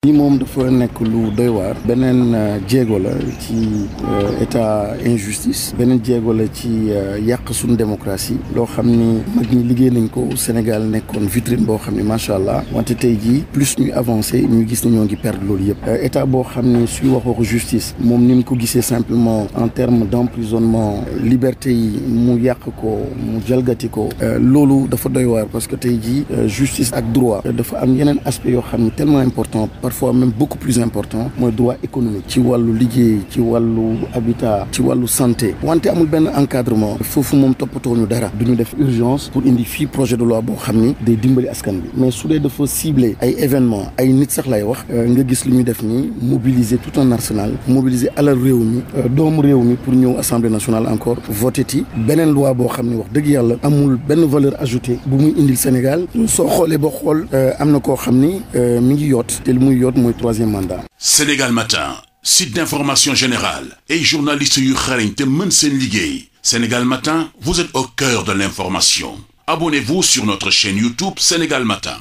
lii moom dafa nekk lu doy waar beneen euh, jéego la ci euh, état injustice beneen jéego la ci euh, yàq suñu démocratie loo xam ni mag ñi liggéey nañ ko Sénégal nekkoon vitrine boo xam ni macha allah wante tey jii plus ñuy avancé ñu gis ne ñoo ngi perdre loolu yëpp état boo xam ni suy wax waxu justice moom ni mu ko gisee simplement en terme d' emprisonnement liberté yi mu yàq ko mu jalgati ko loolu dafa doy waar parce que tey jii justice ak droit dafa am yeneen aspect yoo xam ni tellement important parfois même beaucoup plus important mooy droit économique ci wàllu liggéey ci wàllu habitat ci wàllu santé wante amul benn encadrement foofu moom toppatoo ñu dara du ñu def urgence pour indi fii projet de loi boo xam ni day dimbali askan bi mais su dee dafa ciblé ay événement ay nit sax lay wax euh, nga gis lu ñuy def ni mobiliser tout un arsenal mobiliser alal réew mi euh, doomu réew mi pour ñëw assemblée national encore voté ti beneen loi boo xam ni wax dëgg yàlla amul benn valeur ajoutée bu muy indil Sénégal soo xoolee boo xool euh, am na koo xam ni mi ngi yoon mooy troisième mandat. Sénégal Matin site d'information générale ay journalistes yu xarañ te mën seen liggéey Sénégal Matin vous êtes au cœur de l'information abonnez-vous sur notre chaîne YouTube Sénégal Matin.